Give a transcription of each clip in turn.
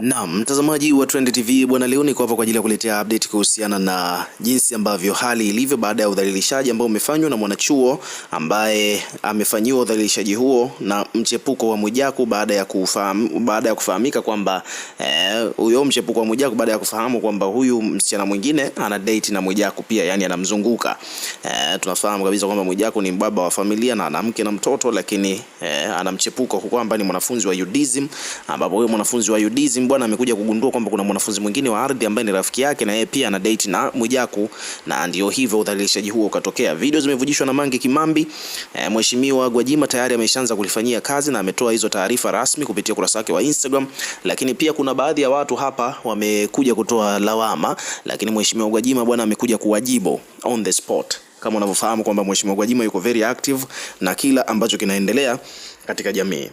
Na mtazamaji wa Trend TV bwana, leo niko hapa kwa ajili ya kuletea update kuhusiana na jinsi ambavyo hali ilivyo baada ya udhalilishaji ambao umefanywa na mwanachuo ambaye amefanyiwa udhalilishaji huo na mchepuko wa Mwijaku baada ya kufahamu, baada ya kufahamika kwamba eh, huyo eh, mchepuko wa Mwijaku baada ya kufahamu kwamba huyu msichana mwingine ana date na Mwijaku pia, yani anamzunguka. Eh, tunafahamu kabisa kwamba Mwijaku ni mbaba wa familia na ana mke na mtoto, lakini eh, ana mchepuko kwamba ni mwanafunzi wa UDSM ambapo huyo mwanafunzi wa UDSM bwana amekuja kugundua kwamba kuna mwanafunzi mwingine wa ardhi ambaye ni rafiki yake na yeye pia ana date na Mwijaku, na ndio hivyo udhalilishaji huo ukatokea. Video zimevujishwa na Mange Kimambi. E, Mheshimiwa Gwajima tayari ameshaanza kulifanyia kazi na ametoa hizo taarifa rasmi kupitia ukurasa wake wa Instagram, lakini pia kuna baadhi ya watu hapa wamekuja kutoa lawama, lakini Mheshimiwa Gwajima bwana amekuja kuwajibu on the spot kama unavyofahamu kwamba Mheshimiwa Gwajima yuko very active na kila ambacho kinaendelea katika jamii.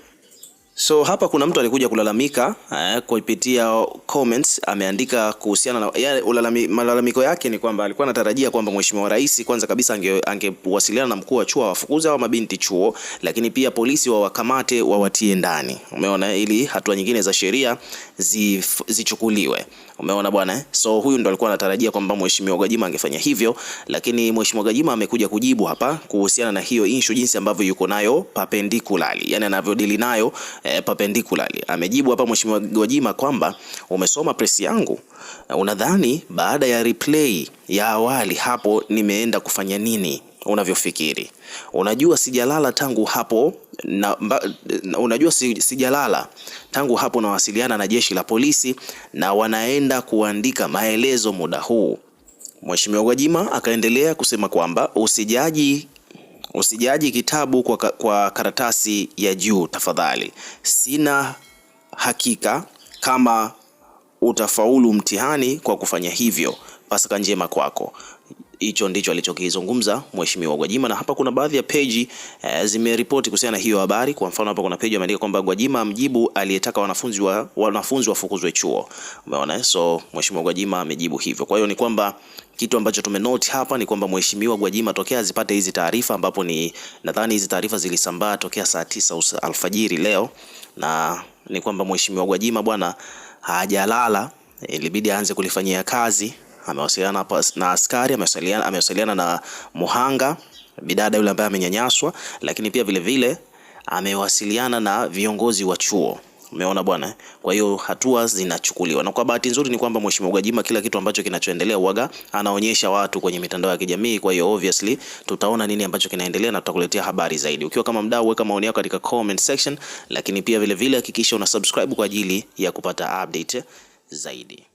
So hapa kuna mtu alikuja kulalamika eh, kupitia comments ameandika kuhusiana na ya, ulalami, malalamiko yake ni kwamba alikuwa anatarajia kwamba Mheshimiwa Rais kwanza kabisa angewasiliana ange na mkuu wa chuo awafukuze wa mabinti chuo, lakini pia polisi wawakamate wawatie ndani, umeona, ili hatua nyingine za sheria zichukuliwe. zi, Umeona bwana, eh? so huyu ndo alikuwa anatarajia kwamba Mheshimiwa Gwajima angefanya hivyo, lakini Mheshimiwa Gwajima amekuja kujibu hapa kuhusiana na hiyo issue, jinsi ambavyo yuko nayo perpendicularly, yani anavyodili nayo eh, perpendicularly. Amejibu hapa Mheshimiwa Gwajima kwamba umesoma press yangu, eh, unadhani baada ya replay ya awali hapo nimeenda kufanya nini? Unavyofikiri unajua, sijalala tangu hapo na, mba, unajua si, sijalala tangu hapo. Nawasiliana na jeshi la polisi na wanaenda kuandika maelezo muda huu. Mheshimiwa Gwajima akaendelea kusema kwamba usijaji Usijaji kitabu kwa, kwa karatasi ya juu tafadhali. Sina hakika kama utafaulu mtihani kwa kufanya hivyo. Pasaka njema kwako hicho ndicho alichokizungumza mheshimiwa Gwajima, na hapa kuna baadhi ya peji eh, zimeripoti kuhusiana na hiyo habari. Kwa mfano, hapa kuna peji imeandika kwamba Gwajima amjibu aliyetaka wanafunzi wa wanafunzi wafukuzwe chuo. Umeona, eh? so mheshimiwa Gwajima amejibu hivyo. Kwa hiyo ni kwamba kitu ambacho tumenote hapa ni kwamba mheshimiwa Gwajima tokea azipate hizi taarifa, ambapo ni nadhani hizi taarifa zilisambaa tokea saa tisa alfajiri leo, na ni kwamba mheshimiwa Gwajima bwana hajalala, ilibidi aanze kulifanyia kazi amewasiliana na askari, amewasiliana, na muhanga bidada yule ambaye amenyanyaswa, lakini pia vile vile amewasiliana na viongozi wa chuo. Umeona bwana, eh? kwa hiyo hatua zinachukuliwa, na kwa bahati nzuri ni kwamba mheshimiwa Gwajima kila kitu ambacho kinachoendelea uaga anaonyesha watu kwenye mitandao ya kijamii. Kwa hiyo obviously tutaona nini ambacho kinaendelea na tutakuletea habari zaidi. Ukiwa kama mdau, weka maoni yako katika comment section, lakini pia vile vile hakikisha una subscribe kwa ajili ya kupata update zaidi.